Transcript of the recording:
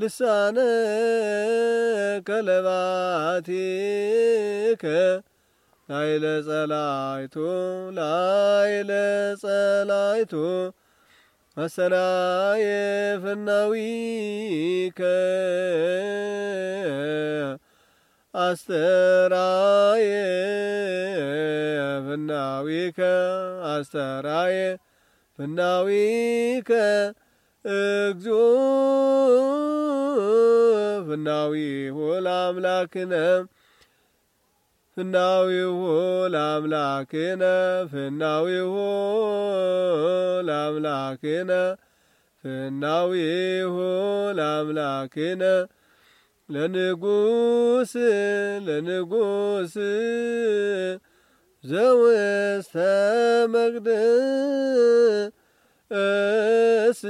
ልሳነ ከለባቲከ ላይለ ጸላይቱ ላይለ ጸላይቱ መሰናየ ፍናዊከ አስተራየ ፍናዊከ አስተራየ ፍናዊከ እግዚኦ ፍናዊሁ ለአምላክነ ፍናዊሁ ለአምላክነ ፍናዊሁ ለአምላክነ ፍናዊሁ ለአምላክነ ለንጉስ ለንጉስ ዘውስተ መቅደስ